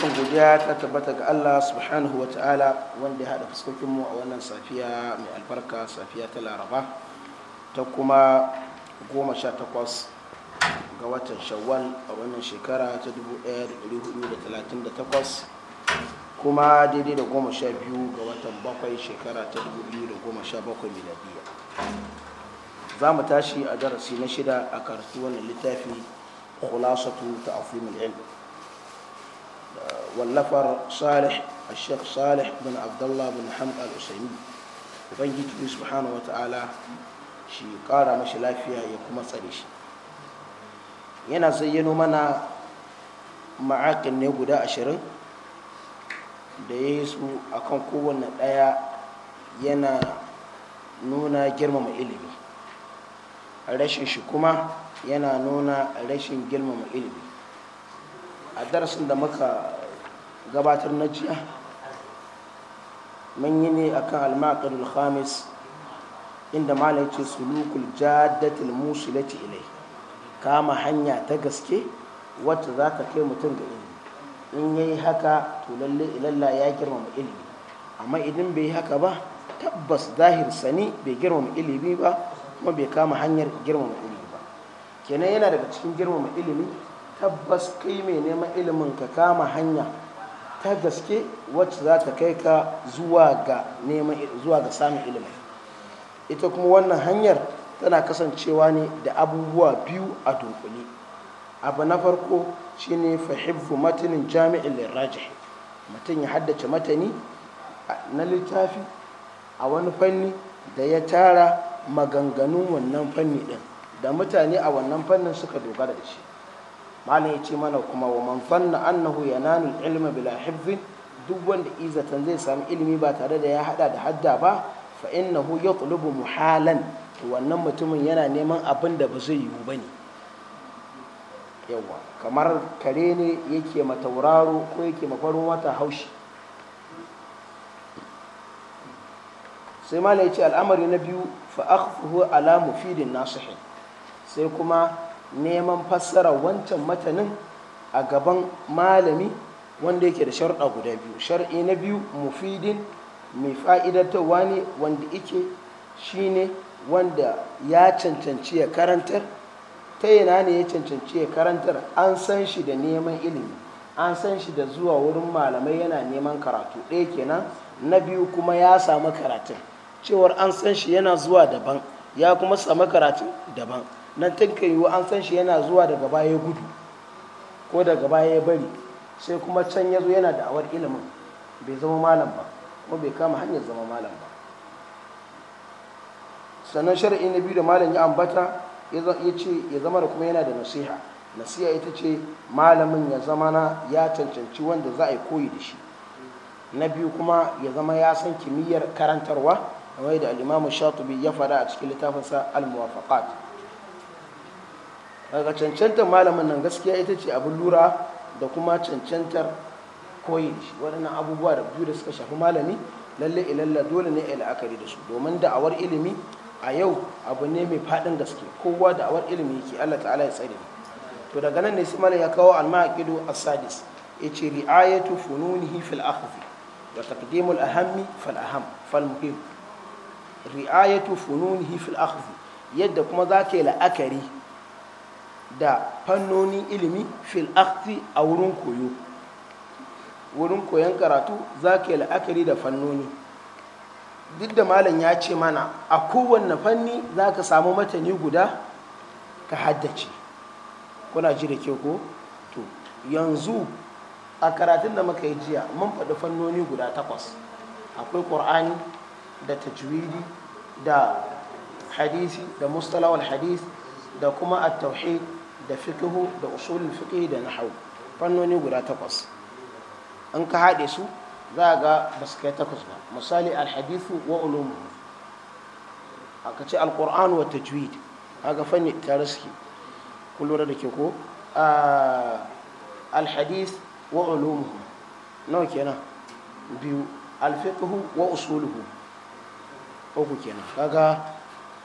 dukkan godiya ta tabbata ga Allah subhanahu wa ta'ala wanda ya haɗa fuskokinmu a wannan safiya mai albarka safiya ta laraba ta kuma goma sha takwas ga watan shawwal a wannan shekara ta 1438 kuma daidai da goma sha biyu ga watan bakwai shekara ta 2017 miladiya za mu tashi a darasi na shida a karatu wannan littafi khulasatu ta afimul ilm wallafar salih الشيخ صالح bin عبد bin بن حمد الأسيمي ubangiji subhanahu wata'ala shi kara mashi lafiya ya kuma tsare shi yana zayyano mana ma'akin ne guda ashirin da ya yi su akan kowanne kowane ɗaya yana nuna girmama ilimi rashin shi kuma yana nuna rashin girmama ilimi a darasin da muka gabatar na jiya mun yi ne akan almakar khamis inda malai ce sulukul jaddatil musilati ilai kama hanya ta gaske wacce za ta kai mutum ga ilimi in ya yi haka to lalle ilalla ya girmama ilimi amma idan bai yi haka ba tabbas zahir sani bai girmama ilimi ba kuma bai kama hanyar girmama ilimi ba kenan yana daga cikin girmama ilimi tabbas kai mai neman ilimin ka kama hanya ta gaske wacce za ta kai ka zuwa ga neman zuwa ga samun ilimi. ita kuma wannan hanyar tana kasancewa ne da abubuwa biyu a dunkule abu na farko shine fahimfu matanin jami'in lirajih mutum ya haddace matani na littafi a wani fanni da ya tara maganganun wannan fanni din da mutane a wannan fannin suka dogara da shi malam ya ce mana kuma wa man fanna annahu yanalu ilma bila hibbin duk wanda izatan zai sami ilimi ba tare da ya hada da hadda ba fa innahu yatlubu muhalan wannan mutumin yana neman abin da ba zai yiwu ne. yawa kamar kare ne yake matauraro ko yake mafarin wata haushi sai malam ce al'amari na biyu fa akhfuhu ala mufidin nasihin sai kuma neman fassara wancan matanin a gaban malami wanda yake da sharɗa guda biyu shar'i na biyu mufidin mai fa'idantarwa ne wanda ike shine wanda ya cancanci ya karantar ta yana ne ya cancanci ya karantar an san shi da neman ilimi an san shi da zuwa wurin malamai yana neman karatu ɗaya kenan na biyu kuma ya samu karatun cewar an san shi yana zuwa daban ya kuma samu karatun daban nan yiwu an san shi yana zuwa daga baya gudu ko daga baya ya bari sai kuma can ya zo yana da'awar ilimin bai zama malam ba kuma bai kama hanyar zama malam ba sannan shari'i na biyu da malam ya ambata ya ce ya zama da kuma yana da nasiha nasiha ita ce malamin ya zama na ya cancanci wanda za a yi koyi da shi na biyu kuma ya zama ya san kimiyyar karantarwa kamar da al'imamu shatubi ya faɗa a cikin littafinsa al-muwafaqat daga cancantar malamin nan gaskiya ita ce abin lura da kuma cancantar koyi shi waɗannan abubuwa da biyu da suka shafi malami lalle ilalla dole ne la'akari da su domin da'awar ilimi a yau abu ne mai faɗin gaske kowa da'awar ilimi yake Allah ta'ala ya tsare to daga nan ne su malam ya kawo al-maqidu as-sadis yace ri'ayatu fununihi fil akhfi wa taqdimul ahammi fal aham fal muhim ri'ayatu fununihi fil akhfi yadda kuma zaka yi la'akari da fannoni ilimi fil akti a wurin koyo wurin koyon karatu za ka yi la'akari da fannoni duk da malam ya ce mana a kowanne fanni za ka samu matani guda ka haddace kuna ji da ke ko to yanzu a karatun da muka yi jiya mun faɗi fannoni guda takwas akwai ƙur'ani da tajwidi da hadisi da mustalawal hadis da kuma at-tauhid da fikihu da usulul fikihi da nahawu fannoni guda takwas in ka haɗe su za a ga ba kai takwas ba misali alhadithu wa ulumu aka ce alkur'an wa tajwid kaga fanni tare suke lura da ke ko alhadith wa ulumu nawa kenan biyu alfiqhu wa usuluhu uku kenan kaga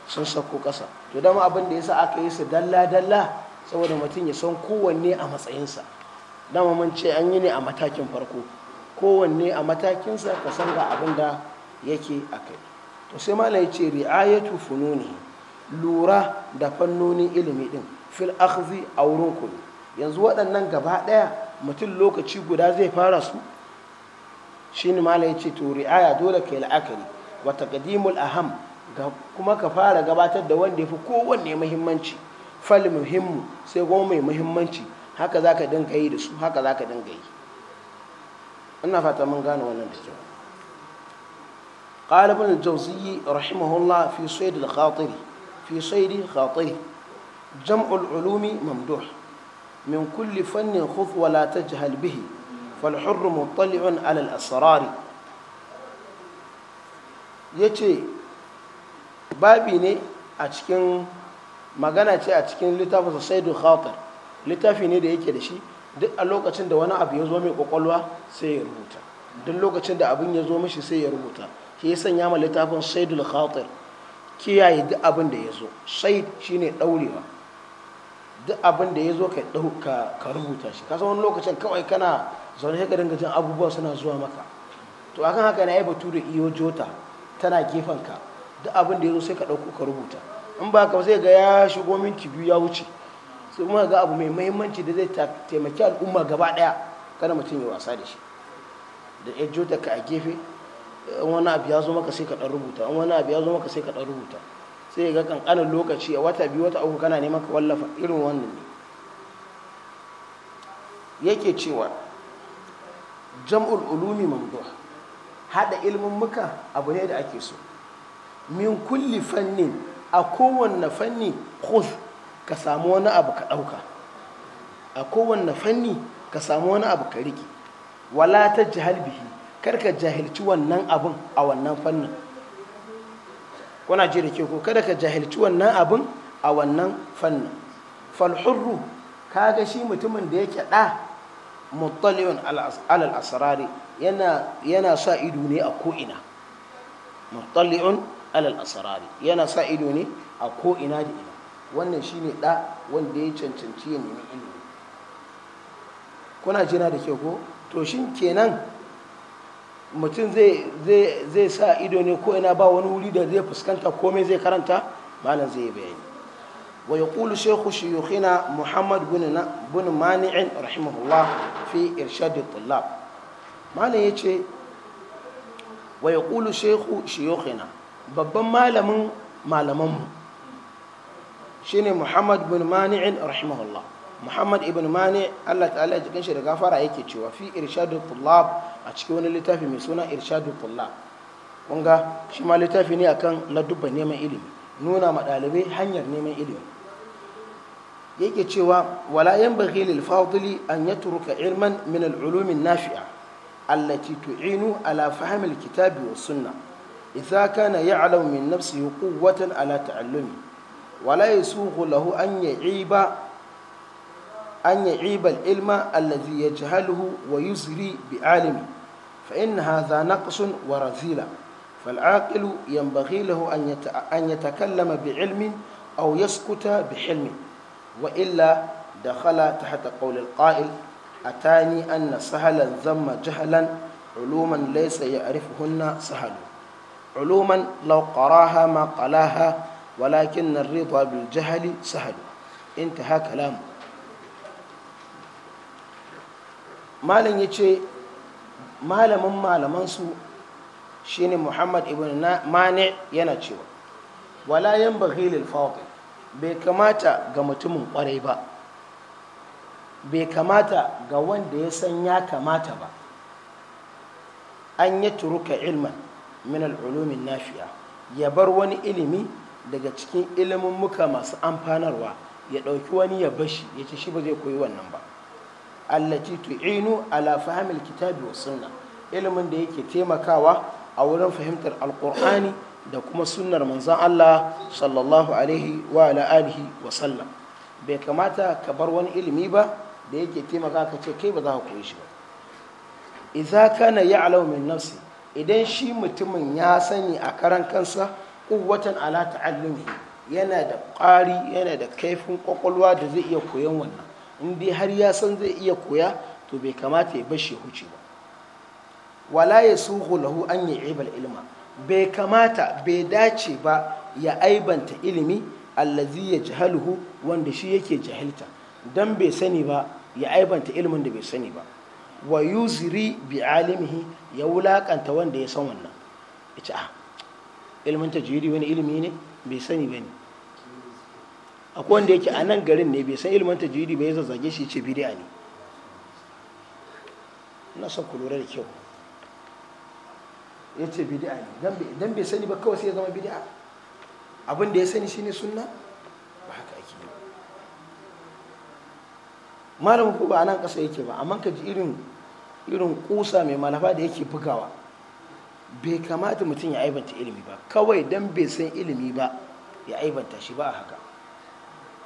sun sako ƙasa to dama abin da yasa aka yi su dalla dalla saboda mutum ya san kowanne a matsayinsa dama mun ce an yi ne a matakin farko kowanne a matakinsa ka san ga abin da yake a kai to sai malam ya ce ri'ayatu fununi lura da fannonin ilimi din fil akhzi a wurin kudu yanzu waɗannan gaba ɗaya mutum lokaci guda zai fara su Shin malam ya ce to ri'aya dole kai la'akari wata taqdimul aham kuma ka fara gabatar da wanda ya fi kowanne muhimmanci fal muhimmi sai goma mai muhimmanci haka za ka dinga yi da su haka za ka dinga yi ina fata mun gane wannan da kyau qalibun al rahimahullah fi sayd al-khatir fi sayd al-ulumi mamduh min kulli fannin khudh wa la tajhal bihi fal hurru mutali'un ala al yace babi ne a cikin magana ce a cikin littafin sa saidu khatir littafi ne da yake da shi duk a lokacin da wani abu ya zo mai kwakwalwa sai ya rubuta duk lokacin da abin ya zo mishi sai ya rubuta shi ya sanya ma littafin saidul khatir kiyaye duk abin da ya zo said shine daurewa duk abin da ya zo ka rubuta shi kasan wani lokacin kawai kana zaune sai ka dinga jin abubuwa suna zuwa maka to akan haka na yi batu da iyo jota tana gefen ka duk abin da ya zo sai ka dauko ka rubuta in ba ka sai ga ya shigo minti biyu ya wuce su kuma ga abu mai mahimmanci da zai taimaki al'umma gaba daya kada mutum ya wasa da shi da ya jota ka a gefe wani abu ya zo maka sai ka dan rubuta wani abu ya zo maka sai ka dan rubuta sai ga kankanin lokaci a wata biyu wata uku kana neman ka wallafa irin wannan ne yake cewa jam'ul ulumi mamduh hada ilmin muka abu ne da ake so min kulli fannin a kowanne fanni kus ka samu wani abu ka ɗauka a kowanne fanni ka samu wani abu ka riƙe wala ta jihar bihi kar ka jahilci wannan abun a wannan fannin kuna ji da ko kada ka jahilci wannan abun a wannan fannin falhurru kaga shi mutumin da yake ɗa muttaliyun alal asrari yana sa ido ne a ko'ina muttaliyun alal asrari yana sa ido ne a ko ina da ina wannan shine da wanda ya cancanci ya nemi ilimi kuna jina da ke ko to shin kenan mutum zai sa ido ne ko ina ba wani wuri da zai fuskanta komai zai karanta malam zai bayani wa ya ƙulu shekhu shiyukhina muhammad bin mani'in rahimahullah fi irshadi tullab malam ya ce wa ya ƙulu shekhu shiyukhina babban malamin malamanmu shine muhammad bin mani'in rahimahullah muhammad ibn mani allah ta'ala jikin shi da gafara yake cewa fi irshadu tullab a cikin wani littafi mai suna irshadu tullab kunga shi ma littafi ne akan ladubban neman ilimi nuna ma ɗalibai hanyar neman ilimi yake cewa wala yanbaghi lil Fadli an yatruka ilman min al ulum an nafi'a allati tu'inu ala fahmi al kitabi was sunnah idza kana ya'lamu min nafsihi quwwatan ala ta'allumi wala yasuhu lahu an ya'iba أن يعيب العلم الذي يجهله ويزري بعالمه فإن هذا نقص ورذيلة فالعاقل ينبغي له أن يتكلم بعلم أو يسكت بحلم وإلا دخل تحت قول القائل أتاني أن سهلا ذم جهلا علوما ليس يعرفهن سهل علوما لو قراها ما قلاها ولكن الرضا بالجهل سهل انتهى كلامه مالن يجي malamin malamansu shine muhammad ibn mani yana cewa wala yan baghilil fadil bai kamata ga mutumin kwarai ba bai kamata ga wanda ya san ya kamata ba an yi turuka ilman min al'ulumin nafi'a ya bar wani ilimi daga cikin ilimin muka masu amfanarwa ya ɗauki wani ya bashi ya ce shi ba zai koyi wannan ba allati tu'inu ala fahimil kitabi wa sunna ilimin da yake taimakawa a wurin fahimtar alkur'ani da kuma sunnar manzon Allah sallallahu alaihi wa ala alihi wa sallam bai kamata ka bar wani ilimi ba da yake taimaka ka ce kai ba za ka koyi shi ba idza kana ya'lamu min nafsi idan shi mutumin ya sani a karan kansa kuwatan ala ta'allumi yana da ƙari yana da kaifin kwakwalwa da zai iya koyan wannan in dai har ya san zai iya koya to bai kamata ya bashi huce ba wala ya suhu lahu an ya ibal ilma bai kamata bai dace ba ya aibanta ilimi allazi ya jahaluhu wanda shi yake jahilta dan bai sani ba ya aibanta ilimin da bai sani ba wa yuziri bi alimihi ya wulakanta wanda ya san wannan yace a ah, ilmin jiri wani ilimi ne bai sani bane akwai wanda yake a nan garin ne bai san ilmin jiri bai zazzage shi ce bidiya ne na son ku lura da kyau ya ce bidiya ne don bai sani ba kawai sai ya zama bidiya abin da ya sani shi ne suna ba haka ake yi malamin ko ba a nan ƙasa yake ba amma ka ji irin irin kusa mai malafa da yake bugawa bai kamata mutum ya aibanta ilimi ba kawai don bai san ilimi ba ya aibanta shi ba a haka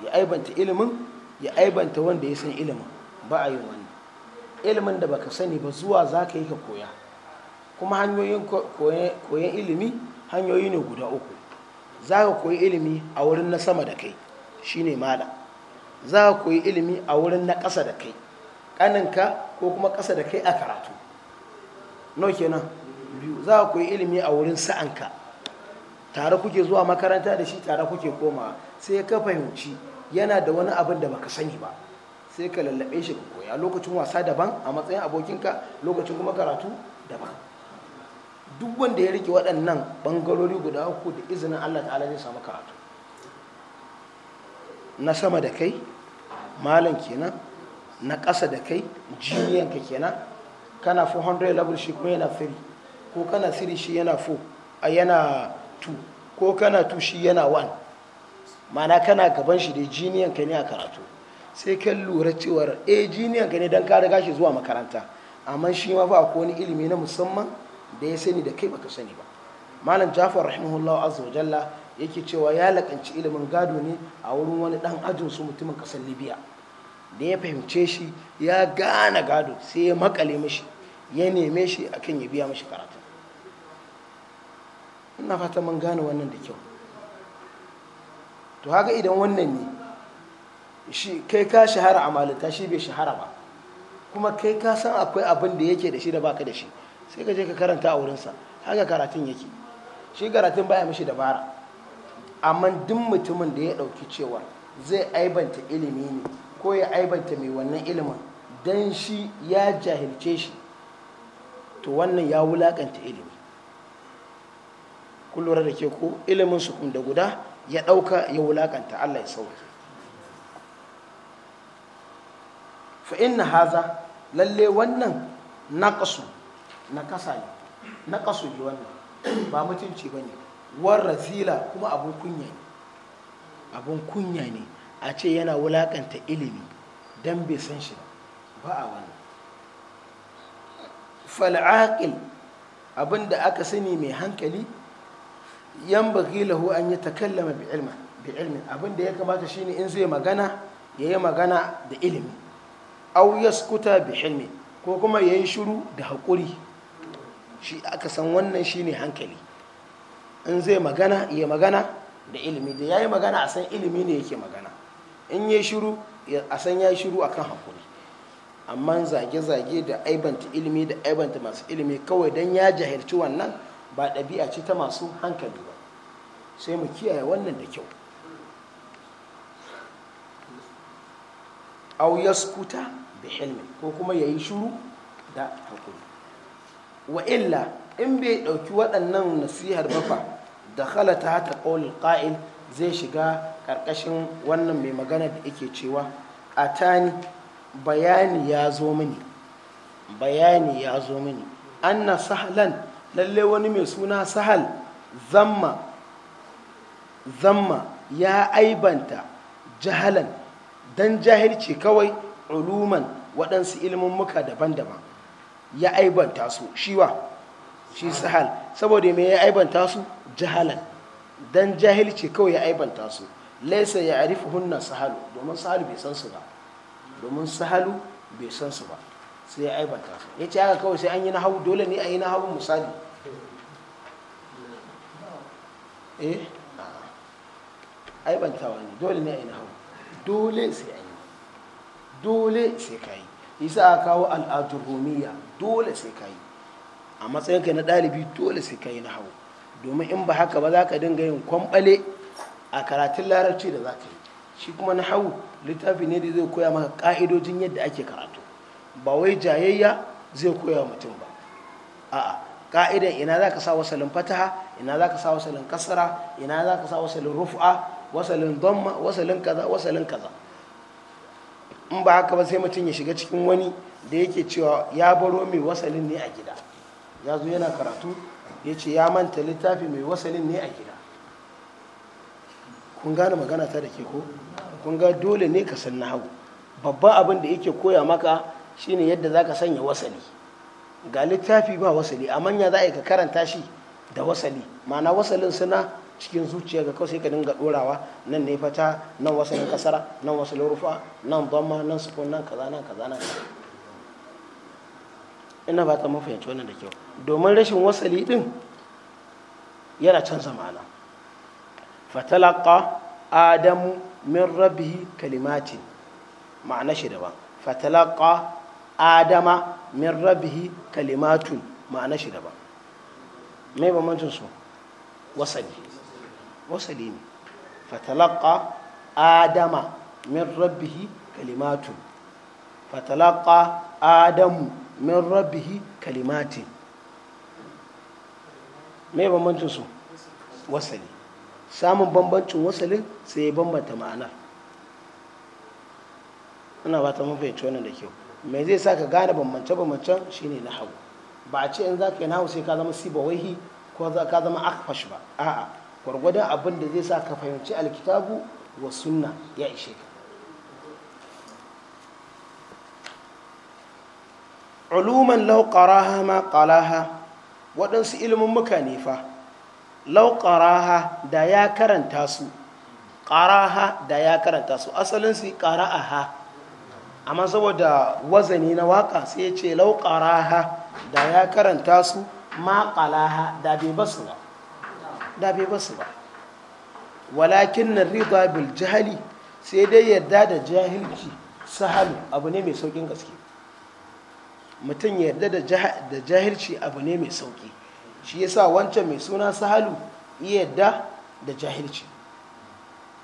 ya aibanta ilimin ya aibanta wanda ya san ilimin ba a yin wani ilimin da baka sani ba zuwa za ka yi ka koya kuma hanyoyin koyan ilimi hanyoyi ne guda uku za ka koyi ilimi a wurin na sama da kai shine mala za ka koyi ilimi a wurin na ƙasa da kai kaninka ko kuma ƙasa da kai a karatu nau kenan biyu za ku yi ilimi a wurin sa'anka tare kuke zuwa makaranta da shi tare kuke komawa sai ka fahimci yana da wani abin da baka sani ba sai ka lallabe shi ka koya lokacin wasa daban a matsayin abokinka lokacin kuma karatu daban duk wanda ya rike waɗannan bangarori guda uku da izinin Allah ta'ala zai samu karatu na sama da kai malam kenan na ƙasa da kai jiniyanka kenan kana 400 level shi kuma yana 3 ko kana 3 shi yana 4 a yana 2 ko kana 2 shi yana 1 mana kana gaban shi da jiniyanka ne a karatu sai kan lura cewar eh, jiniyan jiniyanka ne don ka gashi zuwa makaranta amma shi ma ba ko wani ilimi na musamman da ya sani da kai baka sani ba malam jafar rahimahullah azza wa jalla yake cewa ya lakanci ilimin gado ne a wurin wani dan ajinsu mutumin kasar libya da ya fahimce shi ya gane gado sai ya makale mashi, ya neme shi akan ya biya mishi karatu ina fata man gane wannan da kyau to haka idan wannan ne shi kai ka shahara a malinta shi bai shahara ba kuma kai ka san akwai abin da yake da shi da baka da shi sai ka je ka karanta a wurinsa haka karatun yake shi karatun baya mashi dabara amma duk mutumin da ya ɗauki cewa zai aibanta ilimi ne ko ya aibanta mai wannan ilimin don shi ya jahilce shi to wannan ya wulakanta ilimi lura da ke ko ilimin su da guda ya ɗauka ya wulakanta allah ya sauke fa inna haza lalle wannan naƙasu na ne ne wannan ba mutunci ba ne warrazila kuma abun kunya ne abun kunya ne a ce yana wulakanta ilimi don bai san shi ba a wannan fal'aƙil abinda aka sani mai hankali yan baki lahu an yi takallama bi ilmin abinda ya kamata shi ne in zai magana ya yi magana da ilimi au skuta bi ilmi ko kuma ya yi shiru da haƙuri shi aka san wannan shi ne hankali in zai magana ya magana da ilimi da ya yi magana a san ilimi ne yake magana in yi shiru a san ya yi shiru akan hakuri amma zage-zage da aibanta ilimi da aibanta masu ilimi kawai don ya jahilci wannan ba ɗabi'a ce ta masu hankali ba sai mu kiyaye wannan da kyau au yaskuta da hilmi ko kuma ya yi shiru da hakuri wa illa in bai ɗauki waɗannan nasihar bafa da halata ta qawl ƙa'il zai shiga ƙarƙashin wannan mai magana da yake cewa a tani bayani ya zo mini bayani ya zo mini anna sahalan lalle wani mai suna sahal zamma zamma ya aibanta jahalan dan jahilci kawai uluman waɗansu muka daban-daban ya aibanta su shiwa shi sahal saboda mai ya aibanta su jahalan dan jahilci kawai ya aibanta su laisa ya arifu hunna sahalu domin sahalu bai san su ba domin sahalu bai san su ba sai ya aibanta su ya ce haka kawai sai an yi na hau dole ne a yi na hau misali eh aibantawa ne dole ne a yi na hau dole sai an yi dole sai ka yi isa a kawo al'adurrumiya dole sai ka yi a matsayinka na ɗalibi dole sai ka yi na hau domin in ba haka ba za ka dinga yin kwamɓale a karatun larabci da za ka yi shi kuma na hau littafi ne da zai koya maka ka'idojin yadda ake karatu ba wai jayayya zai koya mutum ba a'a ka'idan ina za ka sa wasalin fataha ina za ka sa wasalin kasara ina za ka sa wasalin rufa wasalin damma wasalin kaza wasalin kaza in ba haka ba sai mutum ya shiga cikin wani da yake cewa ya baro mai wasalin ne a gida ya zo yana karatu ya ce ya manta littafi mai wasalin ne a gida kun gane magana ta da ke ko kun ga dole ne ka san hau babban abin da yake koya maka shine yadda za ka sanya wasali ga littafi ba wasali a manya za a yi ka karanta shi da wasali mana wasalin suna cikin zuciya ga kawai sai ka dinga dorawa nan ne fata nan wasalin kasara nan wasalin rufa nan bamma nan sukun nan kaza nan kaza nan ina ba ta mafiyanci wannan da kyau domin rashin wasali din yana canza ma'ana fatalaka adamu min rabbihi kalimatin ma'ana shi daban fatalaka adama min rabbihi kalimatun ma'ana shi daban mai bambancin su wasali wasali ne fatalaka adama min rabbihi kalimatun fatalaka adamu min rabbihi kalimatin me bambancin su wasali samun bambancin wasalin sai ya bambanta ma'ana ina ba ta mun wannan da kyau mai zai sa ka gane bambance bambancen shine na hau ba a ce in za ka yi na hau sai ka zama sibawaihi ko ka zama akfash ba a'a gwargwadon abin da zai sa ka fahimci alkitabu wa sunna ya ishe ka uluman lau qaraha ma qalaha waɗansu ilimin muka ne fa lau da ya karanta su ha da ya karanta su asalin su ha amma saboda wazani na waka sai ya ce lau ƙaraha da ya karanta su ma ha da bai basu ba da bai basu ba walakin na riba bil jihali sai dai yarda da jahilci sahalu abu ne mai saukin gaske mutum ya yarda da jahilci abu ne mai sauki shi yasa wancan mai suna sahalu iya yarda da jahilci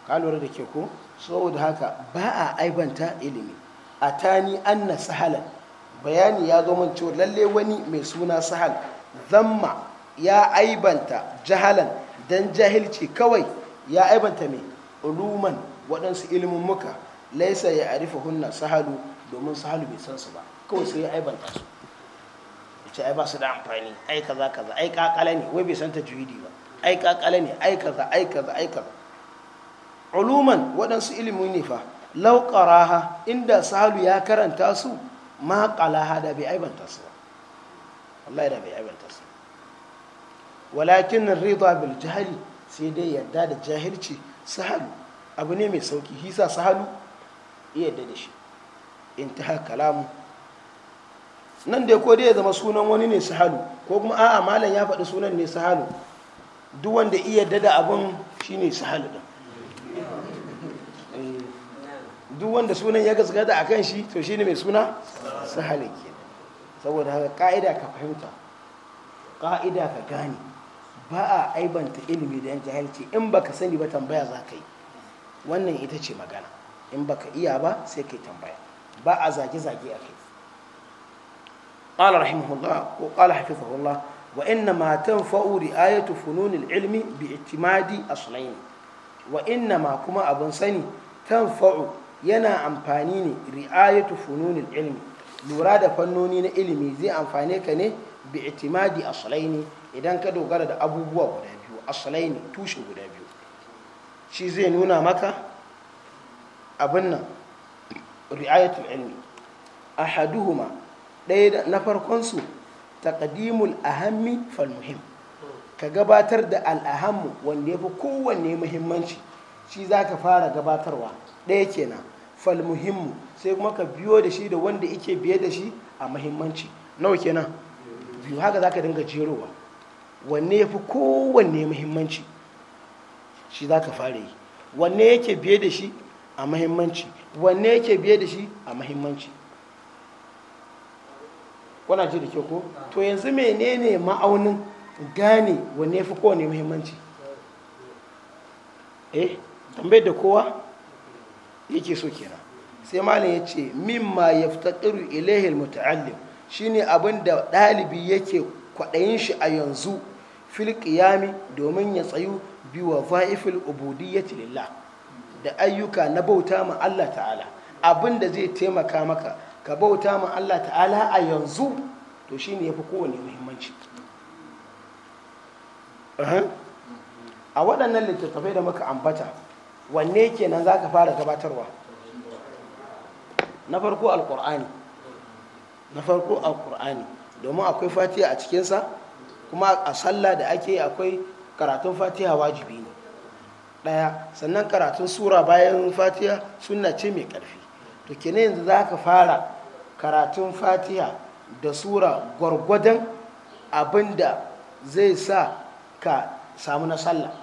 ka da ke ko saboda haka ba a aibanta ilimi a tani anna sahalan bayani ya zo min cewa lalle wani mai suna sahal zamma ya aibanta jahalan don jahilci kawai ya aibanta mai uluman waɗansu ilimin muka laisa ya arifa hunna sahalu domin sahalu bai san su ba kawai sai ya aibanta su ce ai ba su da amfani ai kaza kaza ai kakala ne wai bai san ta juhidi ba ai kakala ne ai kaza ai kaza ai kaza uluman waɗansu ilimi ne fa law inda sahalu ya karanta su ma qalaha da bai aibanta su ba. wallahi da bai aibanta su walakin ridha bil jahli sai dai yadda da jahilci sahalu abu ne mai sauki hisa sahalu iya yadda da shi In intaha kalamu nan da ko dai ya zama sunan wani ne sahalu ko kuma a'a malam ya faɗi sunan ne sahalu duk wanda iya dada abin shine sahalu din duk wanda sunan ya gaskata a kan shi to shine mai suna sahalu ke saboda haka ka'ida ka fahimta ka'ida ka gane ba a aibanta ilimi da yan jahilci in baka sani ba tambaya za ka yi wannan ita ce magana in baka iya ba sai kai tambaya ba a zage-zage a kai قال رحمه الله وقال حفظه الله وإنما تنفع رآية فنون العلم باعتماد أصلين وإنما كما أبن سني تنفع ينا أمفانيني رآية فنون العلم لورادة فنونين علمي زي أمفانيك نه باعتماد أصلين إذا كدو غرد أبو بوا غدا أصلين توشو غدا شي زي نونا مكا أبنا رآية العلم أحدهما ɗaya na farkonsu ƙadimul ahammi falmuhim ka gabatar da al'ahammu wanda ya fi kowanne muhimmanci shi za ka fara gabatarwa ɗaya kenan fal sai kuma ka biyo da shi da wanda ike biye da shi a muhimmanci nawa kenan biyu haka za ka dinga jerowa wanne ya fi kowanne muhimmanci shi za ka fara yi wanne yake biye da shi a muhimmanci wanne yake biye da shi a muhimmanci kuna ji da ke ko to yanzu menene ma'aunin gane wanne fi kowane muhimmanci eh tambayar da kowa yake so kenan sai malam ya ce mimma ilahil muta'allim shi ne abin da ɗalibi yake kwaɗayin shi a yanzu fil qiyami domin ya tsayu bi wa fa'ifil ubudiyyati lillah da ayyuka na bauta ma Allah ta'ala abin da zai taimaka maka ka bauta ma Allah ta'ala a yanzu to shi ne ya fi kowane muhimmanci a waɗannan littattafai da muka ambata wanne nan za ka fara gabatarwa na farko alkur'ani na farko alkur'ani domin akwai fatiha a cikinsa kuma a sallah da ake akwai karatun fatiha wajibi ne ɗaya sannan karatun sura bayan fatiha suna ce mai ƙarfi to kenan yanzu za ka fara karatun fatiha da sura gwargwadon abinda zai sa ka samu na sallah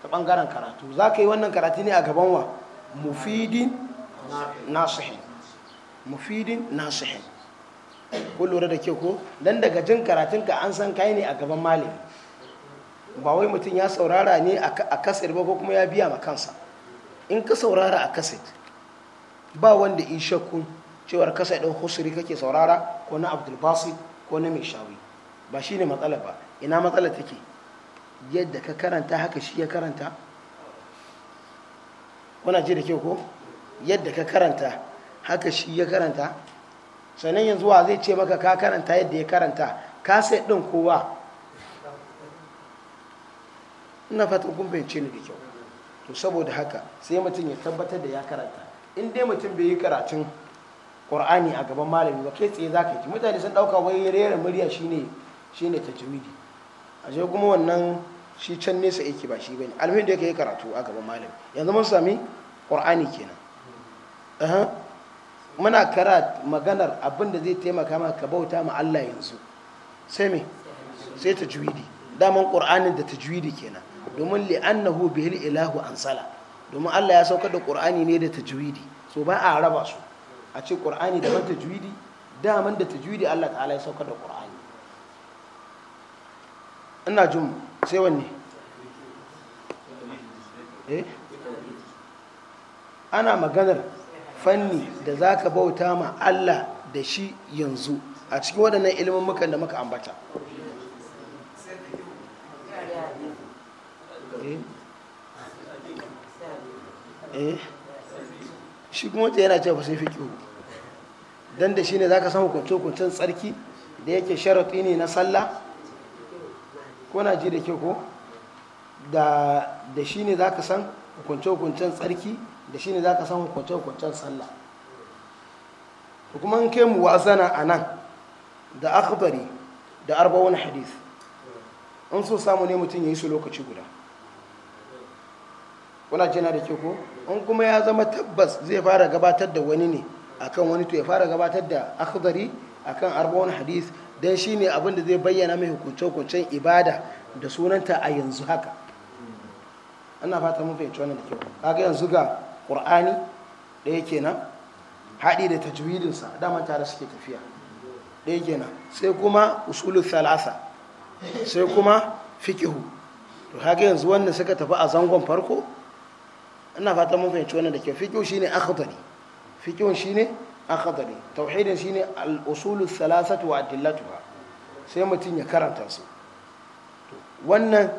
ta ɓangaren karatu za ka yi wannan karatu ne a gaban wa mufidin nasihin mufidin nasihin da ke ko don daga jin ka an san kai ne a gaban malami ba wai mutum ya saurara ne a kasir ba ko kuma ya biya ma kansa in ka saurara a kasir ba wanda in shakkun cewar kasa ɗau husri kake saurara ko na abdul ko na mai shawi ba shi ne matsala ba ina matsala take yadda ka karanta haka shi ya karanta kuna ji da kyau ko yadda ka karanta haka shi ya karanta sannan yanzu wa zai ce maka ka karanta yadda ya karanta ka sai ɗin kowa ina fatan kun fahimce ni da kyau to saboda haka sai mutum ya tabbatar da ya karanta in dai mutum bai yi karatun qur'ani a gaban malami ba kai tsaye ka yi mutane sun ɗauka wai rera murya shine shine a kuma wannan shi can nesa yake ba shi bane almin da yake karatu a gaban malami yanzu mun sami ƙur'ani kenan muna kara maganar abin da zai taimaka ma ka bauta ma Allah yanzu sai me sai tajwidi daman qur'anin da tajwidi kenan domin li'annahu bihil ilahu ansala domin Allah ya saukar da ƙur'ani ne da tajwidi so ba a raba su a ce ƙur'ani daban ta juwidi daman da ta juwidi Allah ta'ala ya saukar da ƙur'ani ina jin sai wanne eh? ana maganar fanni da za ka bauta ma Allah da shi yanzu a cikin waɗannan ilimin mukan da muka ambata eh? Eh? shi kuma ta yana cewa sai fi kyau dan da shi ne za ka san hukuncin-hukuncin tsarki da yake sharaɗi ne na sallah ko na ji da ke ko da shi ne za ka san hukuncin-hukuncin tsarki da shi ne za ka san hukuncin-hukuncin sallah kuma ke mu wazana a nan da akabari da arba'un hadith an so samu ne mutum ya yi su lokaci guda kuna jina da ke ko in kuma ya zama tabbas zai fara gabatar da wani ne akan wani to ya fara gabatar da akhdari akan arba'un hadith dan shine abin da zai bayyana mai hukunce-hukuncen ibada da sunanta a yanzu haka ana fata mun fahimci wannan da kyau kaga yanzu ga qur'ani ɗaya kenan haɗi da tajwidinsa dama tare suke tafiya ɗaya kenan sai kuma usulul thalatha sai kuma fiqhu to kaga yanzu wannan suka tafi a zangon farko ina fata mun fahimci wannan da kyau fiqhu shine akhdari fiqhun shine akhdari tauhidin shine ne al’usulu salasatu wa adillatuha sai mutum ya karanta su wannan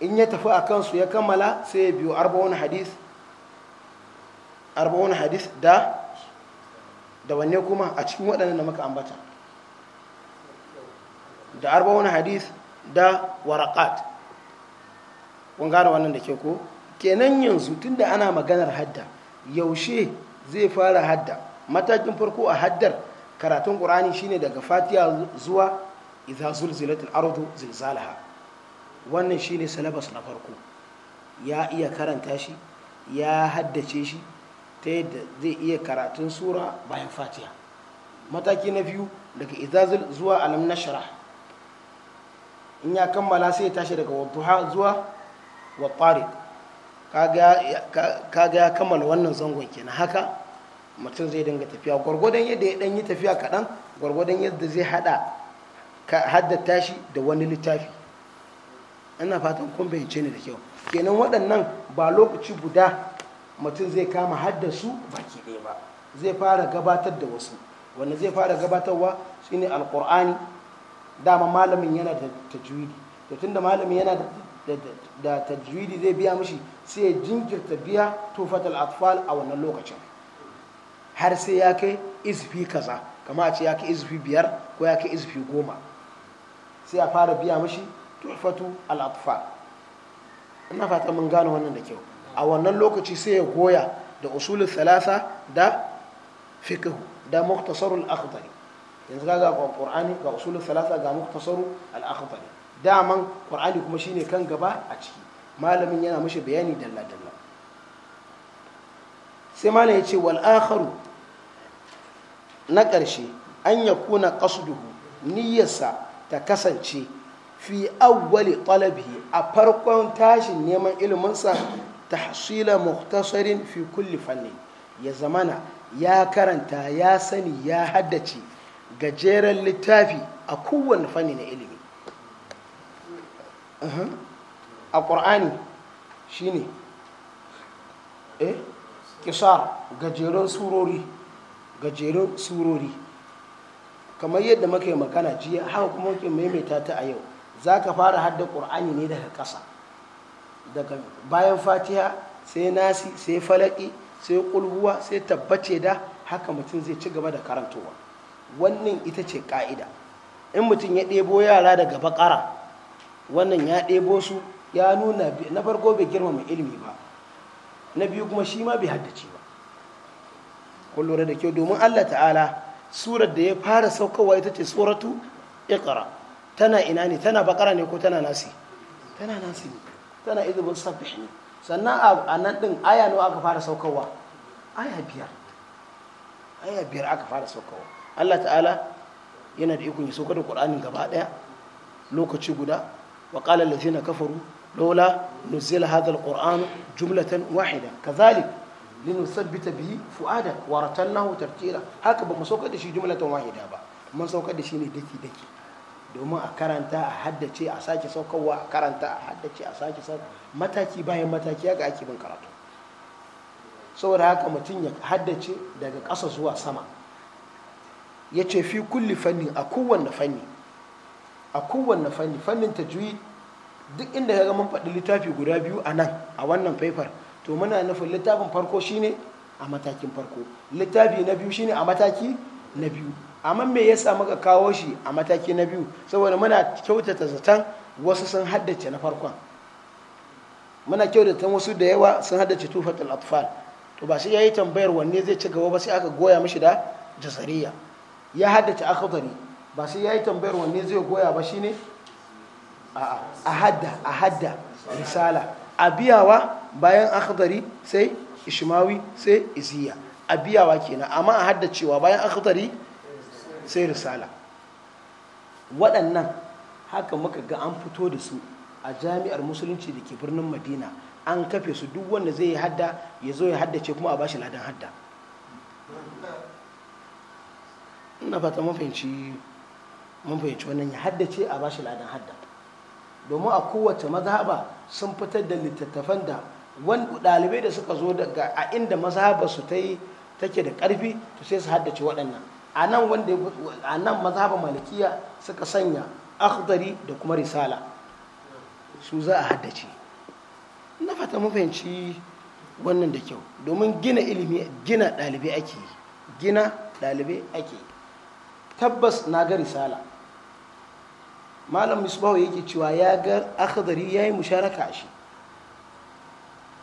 in ya tafi a kansu ya kammala sai ya biyo arba'un hadis arba'un hadis da da wanne kuma a cikin waɗannan da maka ambata da arba'un hadis da waraqat kun gane wannan da ke ko kenan yanzu tunda ana maganar hadda yaushe zai fara hadda matakin farko a haddar karatun qur'ani shine daga fatiha zuwa idza zulzilatul ardu zilzalaha wannan shine salabas na farko ya iya karanta shi ya haddace shi ta yadda zai iya karatun sura bayan fatiha mataki na biyu daga iza zuwa alam shara in ya kammala sai ya tashi daga wadduha zuwa wattariq kaga ya kammala wannan zangon kenan haka mutum zai dinga tafiya gwargwadon yadda ya ɗan yi tafiya kaɗan gwargwadon yadda zai haɗa haddata shi da wani littafi Ina fatan kun ce ni da kyau kenan waɗannan ba lokaci guda mutum zai kama haddasu baki ɗaya ba zai fara gabatar da wasu wanda zai fara gabatarwa ne Alƙur'ani, dama malamin yana da tajwidi to tunda malamin yana da tajwidi zai biya mishi sai ya jinkirta biya tufatul atfal a wannan lokacin har sai ya kai izfi kaza kama a ce ya kai izfi biyar ko ya kai izfi goma sai ya fara biya mashi tufatu al'atfal ina fata mun gane wannan da kyau a wannan lokaci sai ya goya da usulul salasa da fiqh da muktasarul akhdari yanzu ga ga qur'ani ga usulul salasa ga muktasarul akhdari daman qur'ani kuma shine kan gaba a ciki malamin yana mashi bayani dalla dalla sai malam ya ce wal na ƙarshe an ya kuna ƙasuduhu niyyarsa ta kasance fi awwali talabihi a farkon tashin neman iliminsa tahsila muhtasarin fi kulli fanni ya zamana ya karanta ya sani ya haddace gajeren littafi a kowane fanni na ilimi a ƙur'ani shi ne eh ƙisar gajeren surori gajeren surori kamar yadda muka yi magana jiya haka kuma ke maimaita ta a yau za ka fara hadda ƙur'ani ne daga ƙasa daga bayan fatiha sai nasi sai falaki sai ƙulhuwa sai tabbace da haka mutum zai ci gaba da karantowa wannan ita ce ƙa'ida in mutum ya ɗebo yara daga bakara wannan ya ɗebo su ya nuna na farko bai girmama ilimi ba na biyu kuma shi ma bai haddace ba kun lura da kyau domin Allah ta'ala surar da ya fara saukowa ita ce tsoratu ikara tana ina ne tana bakara ne ko tana nasi tana nasi ne tana izubin sabbih ne sannan a nan din aya nawa aka fara saukowa aya biyar aya biyar aka fara saukowa Allah ta'ala yana da ikon yi saukar da Qur'anin gaba ɗaya lokaci guda wa qala allazina kafaru Lola لولا نزل هذا القرآن جملة واحدة كذلك لنثبت به فؤادك ورتلناه ترتيلا هكا بما سوكا دشي جملة واحدة با ما سوكا دشي ني دكي دكي domin a karanta a haddace a sake saukarwa a karanta a haddace a sake saukarwa mataki bayan mataki haka ake bin karatu saboda haka mutum ya haddace daga ƙasa zuwa sama ya ce fi kulli fanni a kowanne fanni a kowanne fanni fannin tajwid duk inda ga mun faɗi littafi guda biyu a nan a wannan faifar to muna nufin littafin farko shine a matakin farko littafi na biyu shine a mataki na biyu amma me yasa muka kawo shi a mataki na biyu saboda muna kyautata zaton wasu sun haddace na farkon muna kyautata wasu da yawa sun haddace tufatul atfal to ba sai yayi tambayar wanne zai ci gaba ba sai aka goya mishi da jasariya ya haddace akhdari ba sai yayi tambayar wanne zai goya ba shine a hadda a hadda risala a biyawa bayan akhdari sai ishmawi sai iziya a biyawa kenan amma a hadda cewa bayan akhdari sai risala waɗannan haka muka ga an fito da su a jami'ar musulunci da ke birnin madina an kafe su duk wanda zai yi hadda ya zo ya haddace kuma a bashi ladan hadda ina fata mun fahimci wannan ya haddace a bashi ladan hadda domin a kowace mazhaba sun fitar da littattafan da ɗalibai da suka zo daga a inda mazhaba su ta yi take da karfi to sai su haddace waɗannan a nan wanda a nan mazhaba malikiya suka sanya akhdari da kuma risala su za a haddace na fata mun fahimci wannan da kyau domin gina ilimi gina ɗalibai ake gina ɗalibai ake tabbas na ga risala malam misbahu yake cewa ya ga akhdari ya yi musharaka a shi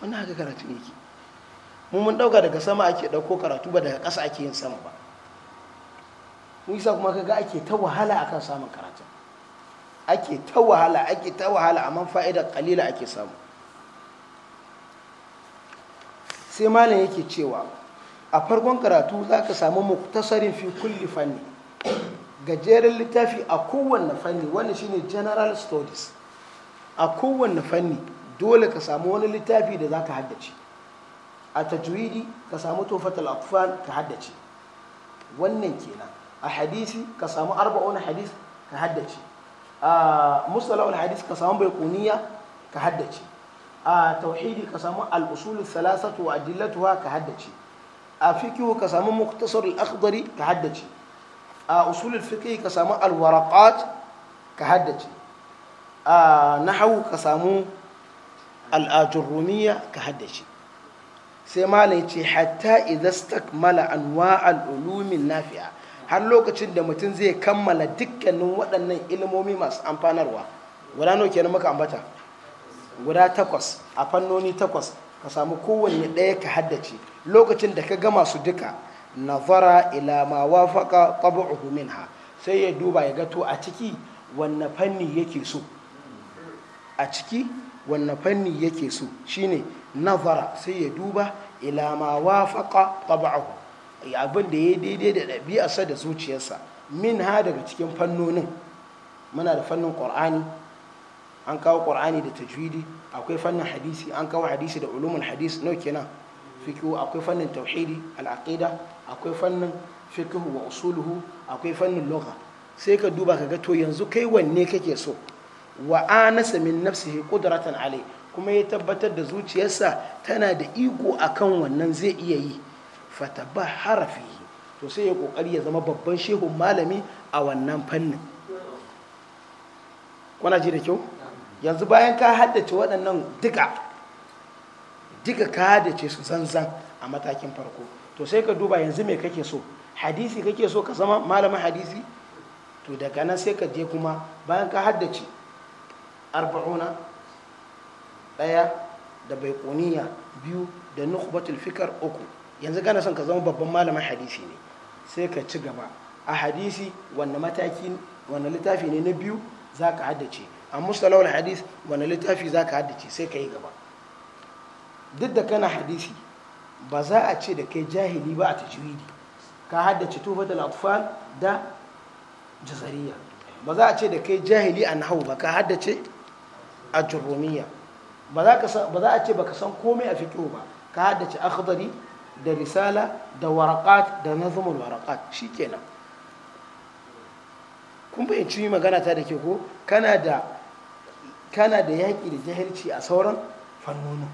wani haka karatu yake mu mun dauka daga sama ake dauko karatu ba daga ƙasa ake yin sama ba mu isa kuma kaga ake ta wahala akan samun karatu ake ta wahala ake ta wahala amma fa'ida kalila ake samu sai malam yake cewa a farkon karatu za ka samu muktasarin fi kulli fanni gajeren littafi a kowanne fanni wani shine general studies a kowanne fanni dole ka samu wani littafi da za ka haddace a tajwidi ka samu tofatul atfal ka haddace wannan kenan a hadisi ka samu arba'un hadis ka haddace a mustalahul hadis ka samu kuniya ka haddace a tauhidi ka samu al-usul thalathatu wa adillatuha ka haddace a fiqh ka samu muktasar al-akhdari ka haddace a usulul fiqh ka samu alwaraqat ka haddace a nahwu ka samu al'ajurrumiya ka haddace sai malai ce hatta idza stakmala anwa al'ulumin nafi'a har lokacin da mutum zai kammala dukkanin waɗannan ilmomi masu amfanarwa guda nawa kenan maka ambata guda takwas a fannoni takwas ka samu kowanne ɗaya ka haddace lokacin da ka gama su duka nazara ila ma wafaka tabu'uhu minha sai ya duba ya gato a ciki wanne fanni yake so a ciki wanne fanni yake so shine nazara sai ya duba ila ma wafaka tabu'uhu abin da ya daidai da ɗabi'arsa da zuciyarsa min ha daga cikin fannonin muna da fannin ƙur'ani an kawo ƙur'ani da tajwidi akwai fannin hadisi an kawo hadisi da ulumul hadisi nau kenan fiqhu akwai fannin tauhidi al akwai fannin fikihu wa usuluhu akwai fannin lugha sai ka duba ka ga to yanzu kai wanne kake so wa anasa min nafsihi qudratan alai kuma ya tabbatar da zuciyarsa tana da iko akan wannan zai iya yi fataba harafi to sai ya kokari ya zama babban shehun malami a wannan fannin kuna ji da kyau yanzu bayan ka haddace waɗannan duka duka ka haddace su zanzan a matakin farko to sai ka duba yanzu me kake so hadisi kake so ka zama malamin hadisi to daga nan sai ka je kuma bayan ka haddace arba'una ɗaya da baikoniya biyu da nukbatul fikar uku yanzu kana son ka zama babban malamin hadisi ne sai ka ci gaba a hadisi wanne mataki wanne littafi ne na biyu za ka haddace a mustalawar hadis wanne littafi za ka haddace sai ka yi gaba duk da kana hadisi ba za a ce da kai jahili ba a tajwidi ka haddace da atfal da jazariya ba za a ce da kai jahili a nahau ba ka haddace a jurumiya ba za a ce ba ka san komai a Fito ba ka haddace akhdari da risala da warakat da nazmul warakat shikenan kun fahimci yi magana ta da ke ko kana da yaƙi da jahilci a sauran fannonin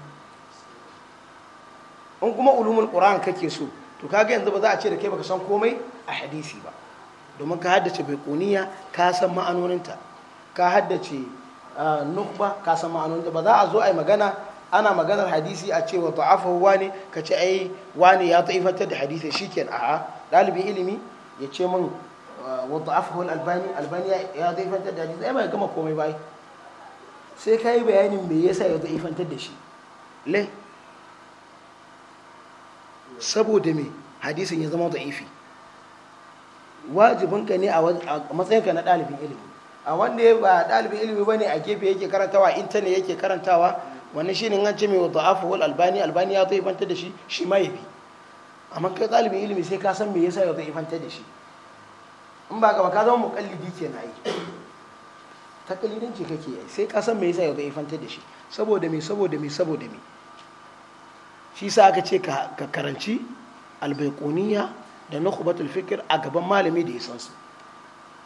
in kuma ulumul qur'an kake so to kaga yanzu ba za a ce da kai baka san komai a hadisi ba domin ka haddace baiquniya ka san ma'anoninta ka haddace ah, nukba ka san ma'anoninta ba za a zo a yi magana ana maganar hadisi a ce wa da'afahu wani ka ce ai wani ya ta'ifatar da hadisi shikenan a'a dalibi ilimi ya ce min ah, wa da'afahu albani albani ya ta'ifatar da hadisi ai bai gama komai ba sai ka yi bayanin me yasa ya ta'ifantar da shi le saboda me hadisin ya zama da'ifi wajibinka ne a matsayinka na ɗalibin ilimi a wanda ba ɗalibin ilimi ba ne a gefe yake karantawa intanet yake karantawa wani shi ne an mai wata afuwal albani albani ya zaifanta da shi shi ma ya bi amma kai ɗalibin ilimi sai ka san me yasa ya zaifanta da shi in ba ka ka zama mukallidi kenan ai takalidanci kake yi sai ka san me yasa ya zaifanta da shi saboda me saboda me saboda me shi sa aka ce ka karanci albaikoniya da na kubatul fikir a gaban malami da ya san su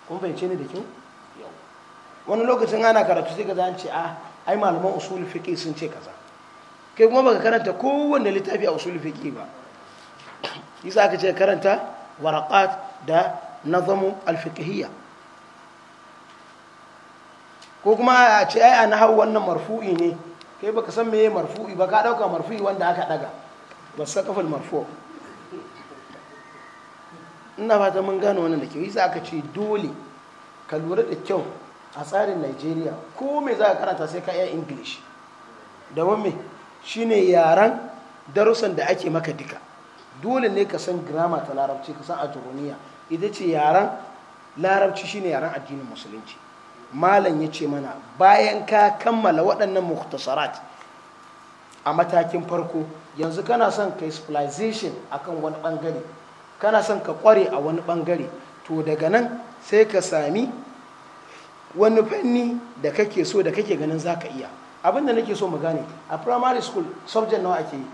kun fahimce ni da kyau wani lokacin ana karatu sai ka za ce a ah, ai malaman usul fikir sun ce kaza kai kuma baka karanta kowanne littafi a usul fikir ba sa aka ce karanta waraqat da nazamu alfiqhiyya ko kuma a ce ai a hau wannan marfu'i ne kai baka san meye marfu'i ba ka dauka marfu'i wanda aka daga wasaqaful marfu' ina fata mun gano wannan da kyau yasa aka ce dole ka lura da kyau a tsarin Najeriya ko me za ka karanta sai ka iya English da me shine yaran darussan da ake maka duka dole ne ka san grammar ta larabci ka san ajuruniya ita ce yaran larabci shine yaran addinin musulunci malam ya ce mana bayan ka kammala waɗannan muktasarat a matakin farko yanzu kana son ka yi a kan wani ɓangare kana son ka ƙware a wani ɓangare to daga nan sai ka sami wani fanni da kake so da kake ganin za ka iya abin nake so mu gane a primary school subject nawa ake yi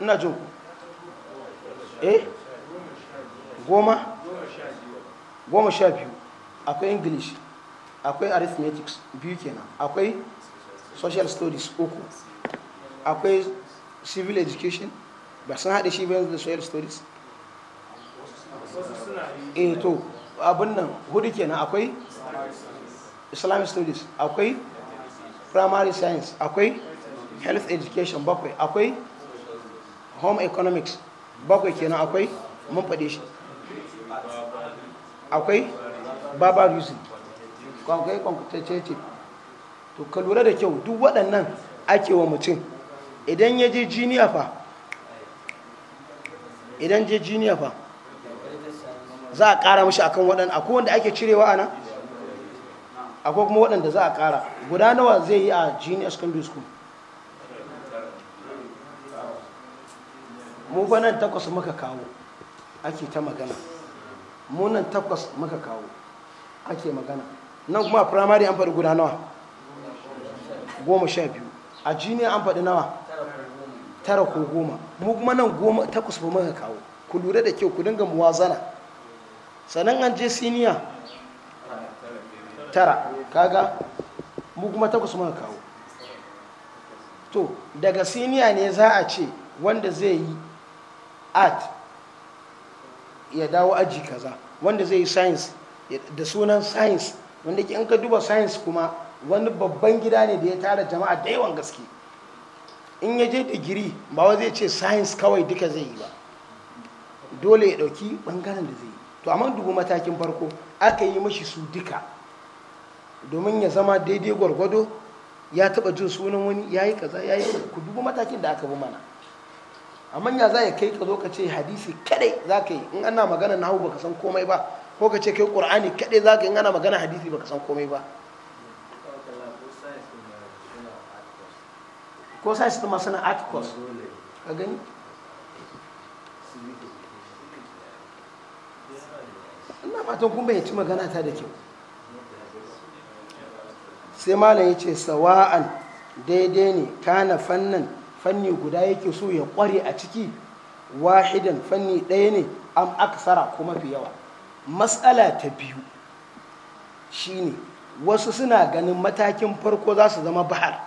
ina jin eh goma goma sha biyu akwai english akwai arithmetics biyu kenan akwai social studies uku akwai civil education ba sun haɗe shi bayan da social studies eh to abin nan hudu kenan akwai islamic studies akwai primary science akwai health education bakwai akwai home economics bakwai kenan akwai mun faɗe shi akwai barbarism akwai ce to ka lura da kyau duk waɗannan ake wa mutum idan ya je jiniya fa idan je jiniya fa za a ƙara mashi akan waɗanda akwai wanda ake cirewa ana akwai kuma waɗanda za a ƙara guda nawa zai yi a junior secondary school mu fa nan takwas muka kawo ake ta magana munan takwas muka kawo ake magana nan kuma a firamare an faɗi guda nawa goma sha biyu a jiniya an faɗi nawa tara ko goma mu kuma nan goma takwas ba muka kawo ku lura da kyau ku dinga muwazana sannan an je siniya tara kaga mu kuma takwas muka kawo to daga siniya ne za a ce wanda zai yi art ya dawo aji kaza wanda zai yi science da sunan science wanda ke in ka duba science kuma wani babban gida ne da ya tara jama'a da yawan gaske in ya je digiri ba wa zai ce science kawai duka zai yi ba dole ya dauki bangaren da zai yi to amma dubu matakin farko aka yi mashi su duka domin ya zama daidai gwargwado ya taba jin sunan wani ya yi kaza ya yi ku dubu matakin da aka bi mana amma ya za ya kai ka zo ka ce hadisi kadai za ka yi in ana magana nahu baka san komai ba ko ka ce kai qur'ani kadai za ka yi in ana magana hadisi baka san komai ba ko su ma sana art course ka gani ina fatan kun ci magana ta da kyau sai malam ce sawa'an daidai ne kana fannin fanni guda yake so ya kware a ciki wahidan fanni ɗaya ne am aksara ko mafi yawa matsala ta biyu shine wasu suna ganin matakin farko za su zama bahar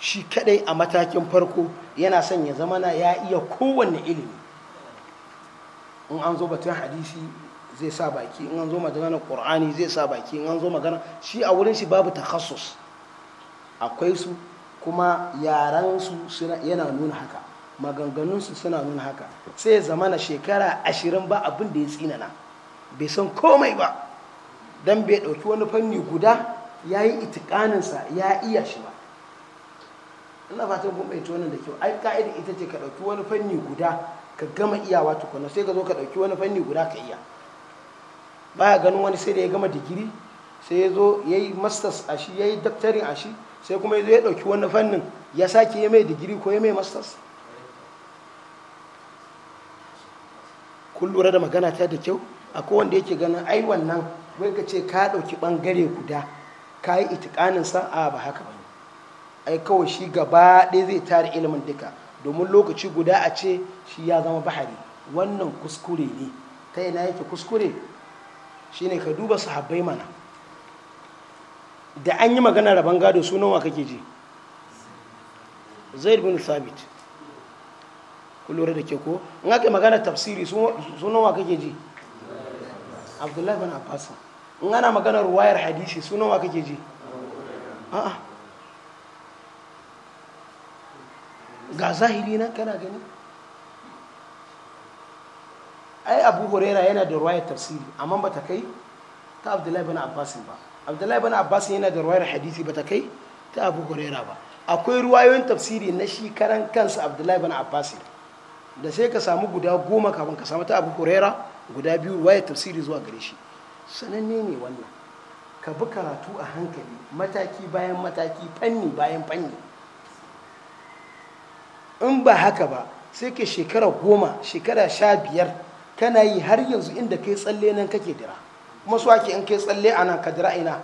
shi kadai a matakin farko yana son ya zama na ya iya kowanne ilimi in an zo batun hadisi zai sa baki in an zo maganar qur'ani zai sa baki in an zo magana shi a wurin shi babu takhassus akwai su kuma su yana nuna haka maganganunsu suna nuna haka sai zama na shekara ashirin ba abin da ya tsinana bai san komai ba don bai ɗauki wani fanni guda ya yi itikaninsa ya iya shi ba ina fatan kun wannan da kyau ai ka'ida ita ce ka ɗauki wani fanni guda ka gama iyawa tukuna sai ka zo ka ɗauki wani fanni guda ka iya baya ganin wani sai da ya gama digiri sai ya zo ya yi masters a shi ya yi daktarin a shi sai kuma ya ɗauki wani fannin ya sake ya mai digiri ko ya mai masters kun lura da magana ta da kyau a kowanda yake ganin ai wannan wai ka ce ka ɗauki ɓangare guda ka yi itikanin sa a ba haka ba ai kawai shi gaba ɗaya zai tare ilimin duka domin lokaci guda a ce shi ya zama bahari wannan kuskure ne ta ina yake kuskure shine ka duba sahabbai mana da an yi magana rabon gado sunan wa kake ji zaid bin sabit ku lura da ke ko in aka magana tafsiri sunan wa kake ji abdullahi bin abbas in ana magana ruwayar hadisi sunan wa kake ji a'a ga zahiri nan kana gani ai abu huraira yana da ruwayar tafsiri amma ba ta kai ta abdullahi bin abbas ba abdullahi Bani abbas yana da ruwayar hadisi ba ta kai ta abu huraira ba akwai ruwayoyin tafsiri na shi karan kansa abdullahi Bani abbas da sai ka samu guda goma kafin ka samu ta abu huraira guda biyu ruwayar tafsiri zuwa gare shi sananne ne wannan ka bi karatu a hankali mataki bayan mataki fanni bayan fanni in ba haka ba sai ke shekara goma shekara sha biyar kana yi har yanzu inda kai tsalle nan kake dira kuma su ake in kai tsalle a nan ka dira ina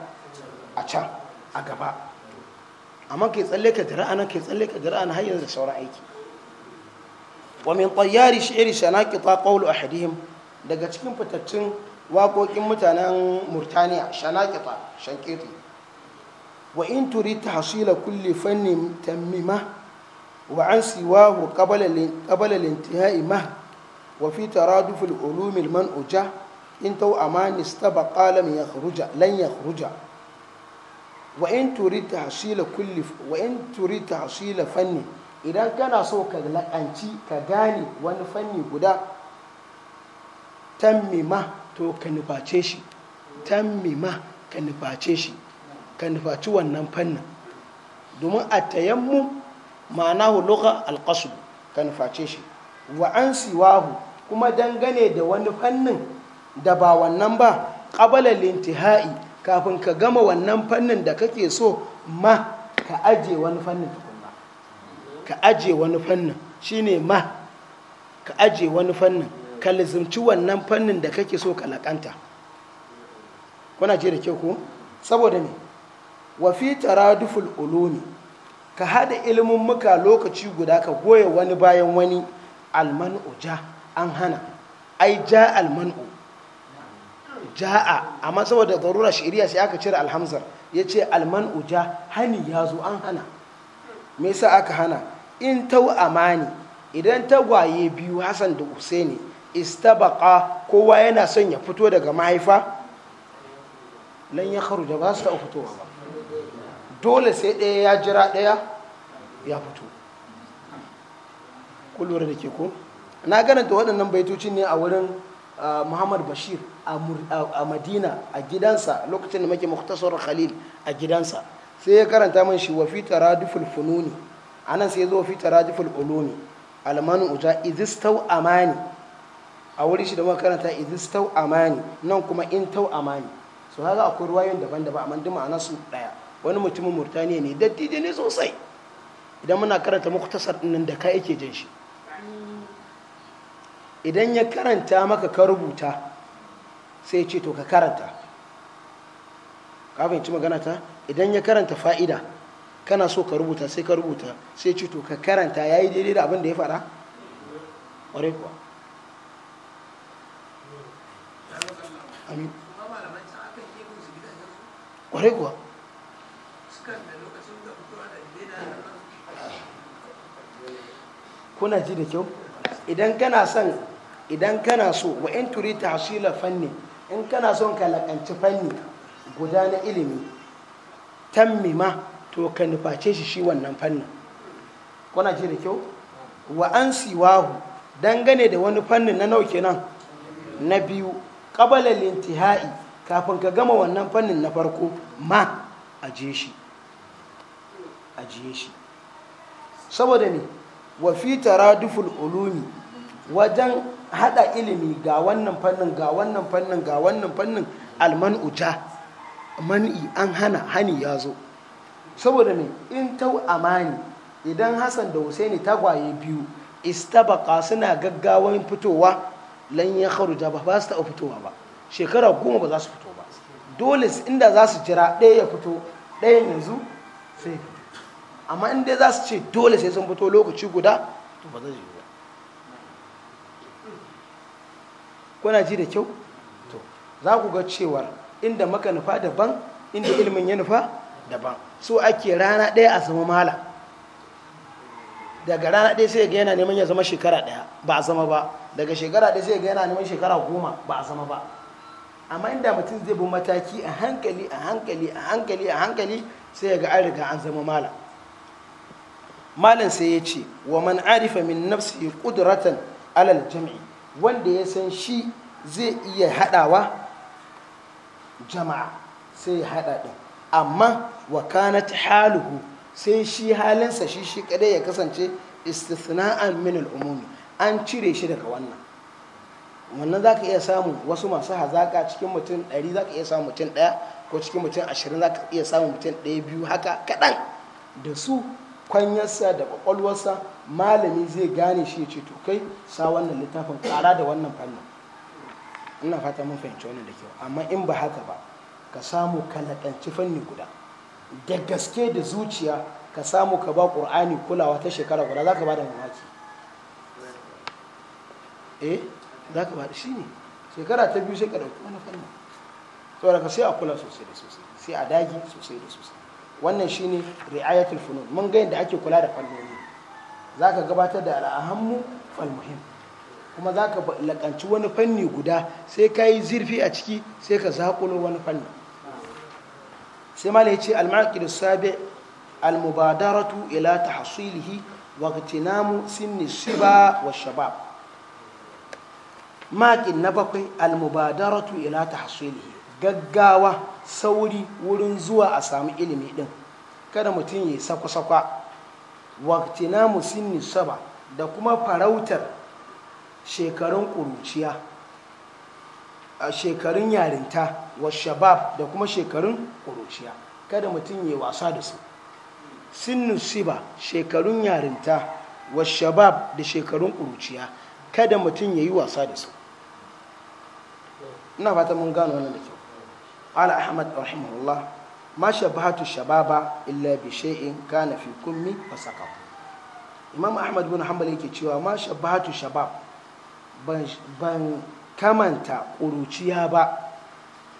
a can a gaba amma kai tsalle ka a nan kai tsalle ka a nan har yanzu da sauran aiki wa min tayyari shi'ri shanaqita qawlu ahadihim daga cikin fitattun waƙoƙin mutanen murtaniya shana shanaqita shankiti wa in turi turid tahsila kulle fannin tammima wa an siwahu qabala qabala al-intihai ma wa fi taraduf al-ulum al-man'uja in tau amani staba qalam ya khruja lan wa in turid tahsila kulli wa in turid tahsila fanni idan kana so ka lakanci ka gane wani fanni guda tammima to ka nuface shi tammima ka nuface shi ka nufaci wannan fannin domin a tayammu ma'anahu lugha alqasd ka nuface shi wa an siwahu kuma dangane da wani fannin da ba wannan ba ƙabalar lintihai kafin ka gama wannan fannin da kake so ma ka aje wani fannin ka aje wani fannin ne ma ka aje wani fannin ka lizimci wannan fannin da kake so ka laƙanta kuna ce da kyau ku saboda ne wa fi taraduful ulumi ka haɗa ilimin muka lokaci guda ka goya wani bayan wani almanu ja an hana ai ja almanu ja'a amma saboda zarura shari'a sai aka cire alhamzar ya ce alman uja hani ya zo an hana me yasa aka hana in tau amani idan tagwaye biyu hassan da usaini istabaka kowa yana son ya fito daga mahaifa lan ya karu ba su fitowa ba dole sai ɗaya ya jira ɗaya ya fito kullum da ke ko na ganin da waɗannan baitocin ne a wurin muhammad bashir a madina a gidansa lokacin da muke muktasar khalil a gidansa sai ya karanta min shi wa fi taradiful fununi anan sai ya zo fi taradiful ulumi almanu uta izistau amani a wuri shi da muka karanta izistau amani nan kuma in tau amani so haka akwai ruwayoyin daban-daban amma duk ma'ana su daya wani mutumin murtaniya ne dattije ne sosai idan muna karanta muktasar din da ka yake jin shi idan ya karanta maka ka rubuta sai ce to ka karanta kafin ci magana ta idan ya karanta fa'ida kana so ka rubuta sai ka rubuta sai ce to ka karanta ya yi daidai da abin da ya fara ƙwarai kuwa ƙwarai kuwa kuna ji da kyau idan kana son idan kana so wa in turi tahsila fanni in kana son ka lakanci fanni guda na ilimi tammima to ka nuface shi shi wannan fannin kuna ji da kyau wa an siwahu dangane da wani fannin na nauke nan na biyu qabala lintihai kafin ka gama wannan fannin na farko ma a shi shi saboda ne wa fi dufin ulumi wajen hada ilimi ga wannan fannin ga wannan fannin ga wannan fannin alman uja man'i an hana hani ya zo saboda ne in tau amani idan hasan da husaini tagwaye biyu istabaka suna gaggawan fitowa lan ya kharuja ba ba su taɓa fitowa ba shekara goma ba za su fito ba dole inda za su jira ɗaya ya fito ɗayan yanzu sai amma inda za su ce dole sai sun fito lokaci guda to ba zai kuna ji da kyau to za ku ga cewar inda maka nufa daban inda ilimin ya nufa daban so ake rana ɗaya a zama mala daga rana ɗaya sai ga yana neman ya zama shekara ɗaya ba a zama ba daga shekara ɗaya sai ga yana neman shekara goma ba a zama ba amma inda mutum zai bi mataki a hankali a hankali a hankali a hankali sai ga an riga an zama mala malam sai ya ce wa man arifa min nafsi qudratan alal jam'i wanda ya san shi zai iya haɗawa jama'a sai ya haɗa ɗin amma wakanat haluhu sai shi halinsa shi shi kadai ya kasance istisna'an min al'umumi an cire shi daga wannan wannan za ka iya samu wasu masu hazaka cikin mutum 100 za ka iya samu mutum ɗaya ko cikin mutum 20 za ka iya samu mutum ɗaya biyu haka kaɗan da su kwanyarsa da kwakwalwarsa malami zai gane shi ya ce to kai sa wannan littafin kara da wannan fannin ina fata mun fahimci wannan da kyau amma in ba haka ba ka samu ka laƙanci fanni guda da gaske da zuciya ka samu ka ba ƙur'ani kulawa ta shekara guda za ka ba da mamaki eh za ka ba da shi ne shekara ta biyu sai ka ɗauki wani fannin saboda ka sai a kula sosai da sosai sai a dagi sosai da sosai wannan shine ri'ayatul funun mun ga yadda ake kula da fannoni zaka gabatar da al'ahammu fal muhim kuma zaka lakanci wani fanni guda sai ka yi zirfi a ciki sai ka zakulo wani fanni sai malai yace al-maqid sabi al-mubadaratu ila tahsilihi wa ihtinamu sinni shiba wa shabab maqid na bakwai al-mubadaratu ila tahsilihi gaggawa sauri wurin zuwa a samu ilimi din kada mutum ya sakwa-sakwa waktina musinni saba da kuma farautar shekarun ƙuruciya a shekarun yarinta wa shabab da kuma shekarun ƙuruciya kada mutum ya wasa da su sinnu siba shekarun yarinta wa shabab da shekarun ƙuruciya kada mutum ya yi wasa da su ina fata mun gano wannan da ke قال أحمد رحمه الله ما شبهت الشباب إلا بشيء كان في كمي فسقط إمام أحمد بن حنبل yake cewa ma shabahatu shabab ban kamanta ƙuruciya ba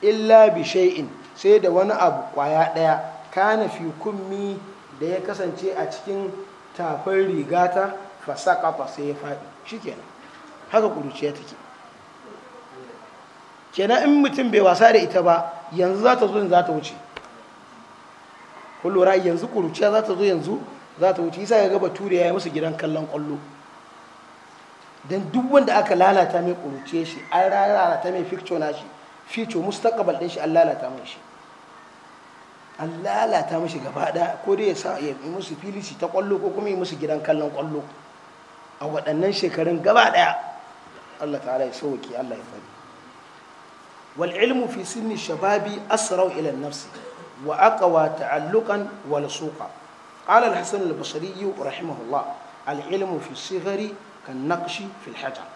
illa bi sai da wani abu kwaya ɗaya kana fi kummi da ya kasance a cikin tafin rigata fasaqata sai ya faɗi shikenan haka ƙuruciya take kenan in mutum bai wasa da ita ba yanzu za ta zo za ta wuce kullura yanzu kuruciya za ta zo yanzu za ta wuce isa ya gaba ture ya yi musu gidan kallon kwallo don duk wanda aka lalata mai kuruciya shi an lalata mai fikco na shi fico mustaqbal din shi an lalata mai shi an lalata shi gaba ɗaya ko dai ya sa ya yi musu shi ta kwallo ko kuma yi musu gidan kallon kwallo a waɗannan shekarun gaba ɗaya Allah ta'ala ya sauke Allah ya fari wal ilmu fi sinni shababi asrau قال الحسن البصري رحمه الله العلم في الصغر كالنقش في الحجر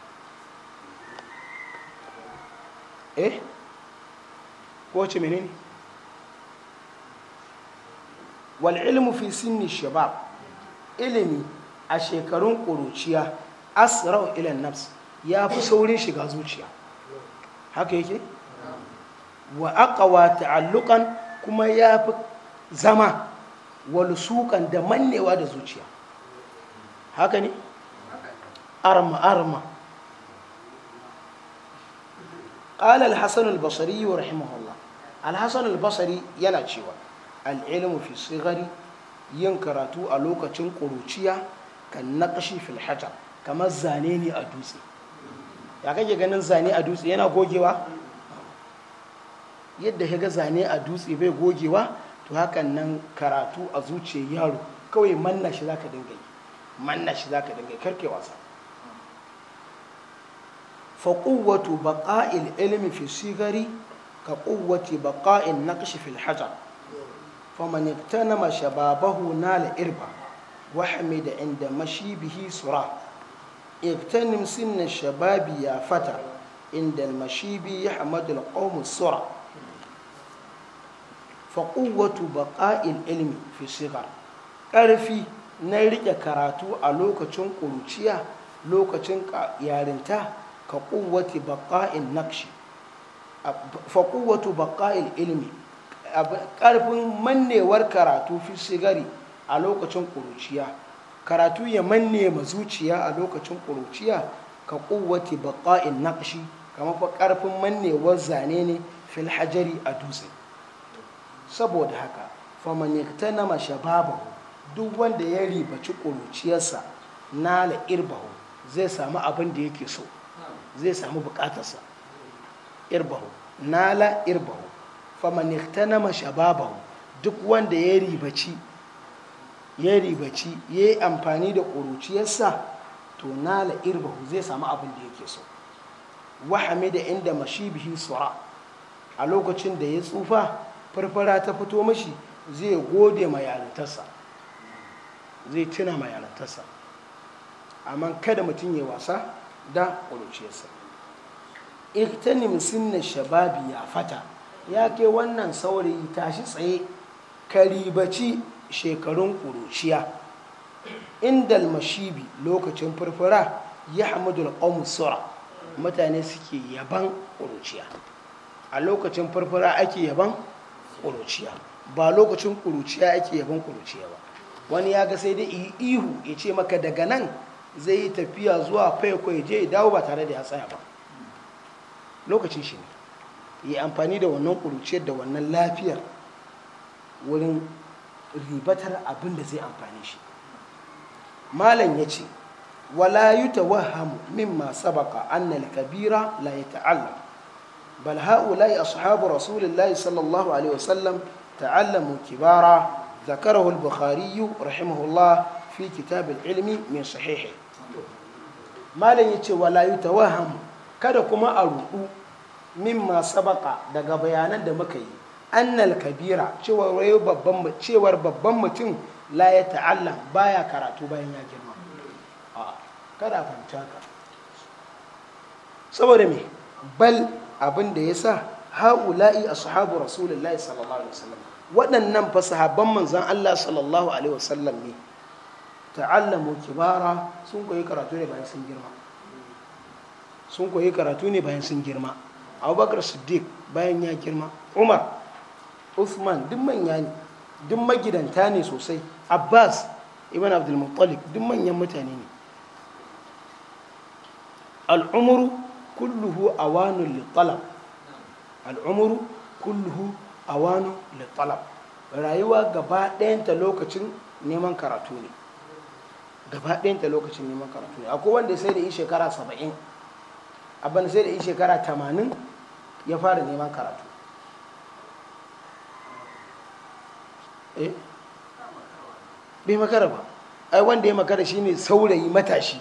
ilimi a shekarun ƙuruciya asrau ilan nafs ya fi saurin shiga zuciya haka yake wa aqwa ta'alluqan kuma ya fi zama walusukan da mannewa da zuciya haka ne arma arma qala al-hasan al-basri rahimahullah al-hasan al-basri yana cewa al-ilmu fi sigari yin karatu a lokacin ƙuruciya kan naƙashi fil hajar kamar zane ne a dutse ya kake ganin zane a dutse yana gogewa yadda ya ga zane a dutse bai gogewa to hakan nan karatu a zuciyar yaro kawai manna shi za ka dinga yi manna shi za ka dinga yi karke wasa faƙuwatu baƙa'il ilimi fi sigari ka ƙuwati baƙa'il naƙashi fil hajar faman iktanama shababahu nala irba وحمد bihi sura. به سرعة shababi ya fata, inda فتى عند المشيب يحمد القوم sura. ba بقاء ilmi fi الصغر ƙarfi na riƙe karatu a lokacin ƙuruciya lokacin yarinta ka ƙuwati baƙa'in nakshi faƙuwatu baƙa'il ilmi. ƙarfin mannewar karatu fi sigari a lokacin ƙuruciya karatu ya manne ma zuciya a lokacin ƙuruciya ka ƙuwati baƙa'in nakshi kamar ƙarfin mannewar zane ne fil hajari a dutse saboda haka faman yaktanama shababahu duk wanda ya ribaci ƙuruciyarsa nala irbahu zai samu abin da yake so zai samu bukatarsa irbahu nala irbahu faman yaktanama shababahu duk wanda ya ribaci ya ribaci ya yi amfani da ƙuruciyarsa to nala irbahu zai samu abin da yake so wahame da inda mashibihi sura a lokacin da ya tsufa farfara ta fito mashi zai gode ma zai tuna ma amma kada mutum ya wasa da ƙuruciyarsa iktanim na shababi ya fata ya ke wannan saurayi tashi tsaye karibaci shekarun ƙuruciya indal mashibi lokacin farfara ya hamadul sura mutane suke yaban ƙuruciya a lokacin farfara ake yaban ƙuruciya ba lokacin ƙuruciya ake yabon ƙuruciya ba wani ya ga sai dai ihu ya ce maka daga nan zai yi tafiya zuwa faiko ya je ya dawo ba tare da ya tsaya ba lokacin shi ne ya amfani da wannan ƙuruciyar da wannan lafiyar wurin ribatar abin da zai amfani shi malam ya ce wala yi tawahamu ma sabaka annal kabira la ya ta'allam bal ha'ulai ashabu rasulillahi sallallahu alaihi wasallam ta'allamu kibara ذكره البخاري رحمه fi في كتاب mai من صحيحه malam ya ce wala ta tawaham kada kuma a ruɗu mimma sabaka daga bayanan da muka yi annal kabira cewar babban mutum la ya ta'allam baya karatu bayan ya girma kada fahimta ka saboda me bal abin da ya sa ha'ula'i ashabu rasulullahi sallallahu alaihi wasallam waɗannan fa sahabban manzan Allah sallallahu alaihi wasallam ne ta'allamu kibara sun koyi karatu ne bayan sun girma sun koyi karatu ne bayan sun girma abubakar siddiq bayan ya girma umar uthman duk manya ne duk magidanta ne sosai abbas ibn abdulmuttalik duk manyan mutane ne al'umuru kulluhu awanun littalab al'umuru kulluhu awanun littalab rayuwa gaba ɗayanta lokacin neman karatu ne gaba ɗayanta lokacin neman karatu ne akwai wanda sai da yi shekara saba'in abin sai da yi shekara tamanin ya fara neman karatu eh makara ba ai wanda ya makara shine saurayi matashi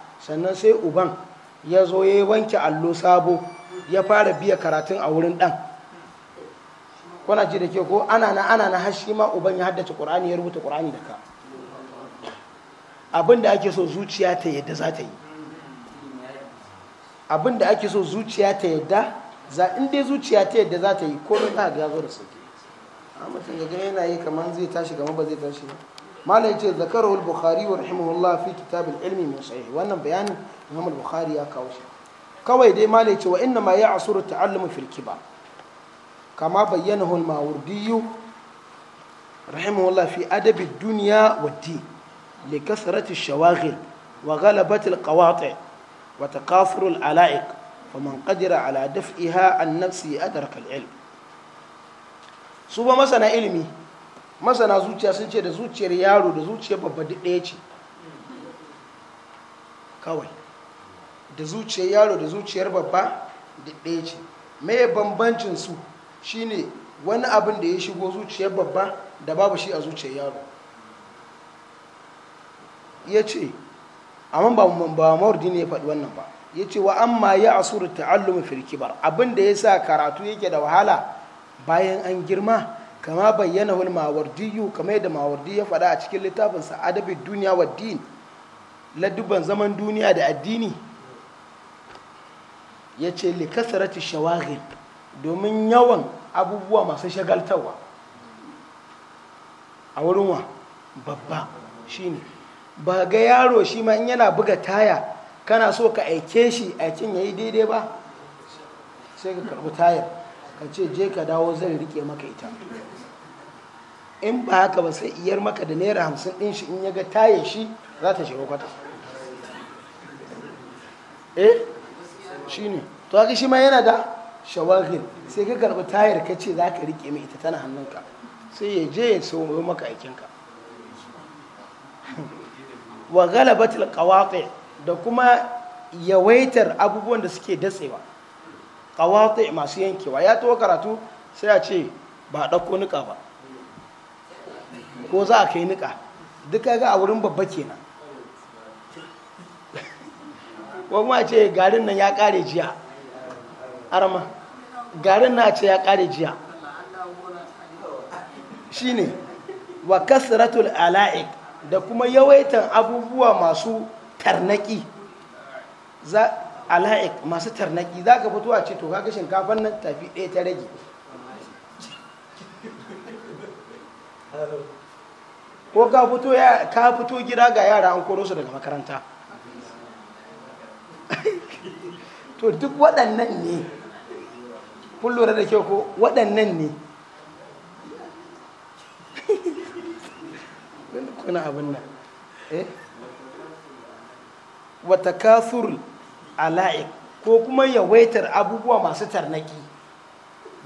sannan sai uban ya zo ya yi wanke allo sabo ya fara biya karatun a wurin ɗan kuna ji da ke ko ana na ana na hashi ma uban ya haddace ƙorani ya rubuta ƙorani da ka abinda ake so zuciya ta yadda za ta yi abinda ake so zuciya ta yadda za inda zuciya ta yadda za ta yi komai za ga zo da sauki a mutum ga gani yana yi kamar zai tashi kamar ba zai tashi ba mala yace zakarahu al-bukhari wa rahimahullah fi kitab ilmi min sahih wannan bayanin imam al-bukhari ya kawo shi kawai dai mala yace wa inna ma ya'suru ta'allumu fil kibar kama bayyana al-mawardi rahimahullah fi adab duniya dunya wad-din li kasrati ash wa ghalabati al wa taqasuru al-ala'iq faman qadira ala daf'iha an nafsi adraka al-ilm su ba masana ilimi masana zuciya sun ce da zuciyar yaro da zuciyar babba duk ɗaya ce kawai da zuciyar yaro da zuciyar babba duk ɗaya ce mai bambancin su shine wani abin da ya shigo zuciyar babba da babu shi a zuciyar yaro ya ce amma ba mawardi ne ya faɗi wannan ba ya ce wa amma ya asuru ta'allumi firki ba abin da ya sa karatu yake da wahala bayan an girma kama bayyana wani mawardiyu kama yadda mawardi ya faɗa a cikin littafinsa adabin duniya wa din ladubban zaman duniya da addini ya ce likasarati shawagil domin yawan abubuwa masu shagaltarwa a wurin wa babba shine ba ga yaro shi ma in yana buga taya kana so ka aike shi aikin ya yi daidai ba sai ka karbi tayar ka ce je ka dawo zai rike maka ita in ba haka ba sai iyar maka da naira hamsin ɗin shi in ya ga taye shi za ta shiga kwata eh shi ne to haka shi ma yana da shawagin sai ka karɓi tayar ka ce za ka riƙe mai ita tana hannunka sai ya je ya sauro maka aikinka wa galabatul qawaqi da kuma yawaitar abubuwan da suke datsewa qawaqi masu yankewa ya to karatu sai a ce ba ɗauko niƙa ba ko za a kai niƙa duk ga a wurin babba kenan nan kuma ce garin nan ya kare jiya arama garin na ce ya kare jiya shine wa kasratul ala'ik da kuma yawaitan abubuwa masu tarnaki za ala'ik masu tarnaki za ka fito a ce to kaga shinkafan nan tafi ɗaya ta rage ko ka fito ya ka fito gida ga yara an koro su daga makaranta to duk waɗannan ne kun lura da kyau ko waɗannan ne kuna abin nan eh wata kafur ala'ik ko kuma yawaitar abubuwa masu tarnaki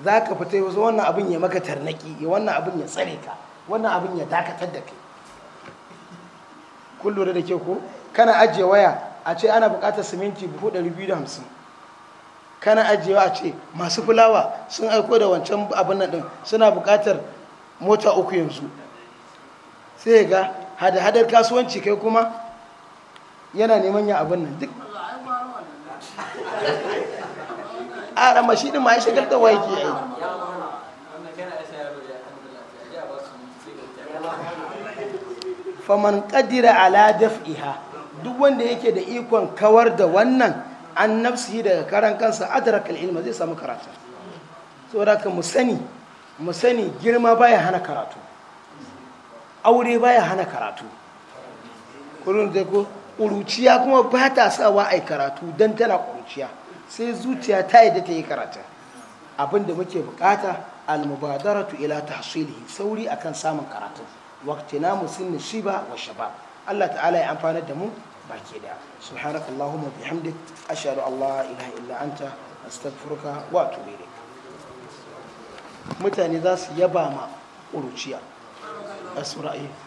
za ka fita yi wannan abin ya maka tarnaki ya wannan abin ya tsare ka wannan abin ya dakatar da kai kullum da ke ko kana ajiye waya a ce ana buƙatar siminti buhu 250 kana ajiyewa a ce masu fulawa sun aiko da wancan abin nan din suna buƙatar mota uku yanzu sai ga hada-hadar kasuwanci kai kuma yana neman ya abin nan duk a ramashi ne ma ya da wa yake yi faman kadira ala daf'iha duk wanda yake da ikon kawar da wannan an nafsi daga karan kansa adraka ilma zai samu karatu saboda ka mu sani girma baya hana karatu aure baya hana karatu kullun da ko ƙuruciya kuma ba ta sawa ai karatu dan tana ƙuruciya sai zuciya ta da ta yi karatu abinda muke bukata almubadaratu ila tahsilihi sauri akan samun karatu waqtina musinni shiba wa shabab Allah ta'ala ya amfana da mu baki daya subhanaka allahumma bihamdik ashhadu an la ilaha illa anta astaghfiruka wa atubu ilayk mutane za su yaba ma ƙuruciya a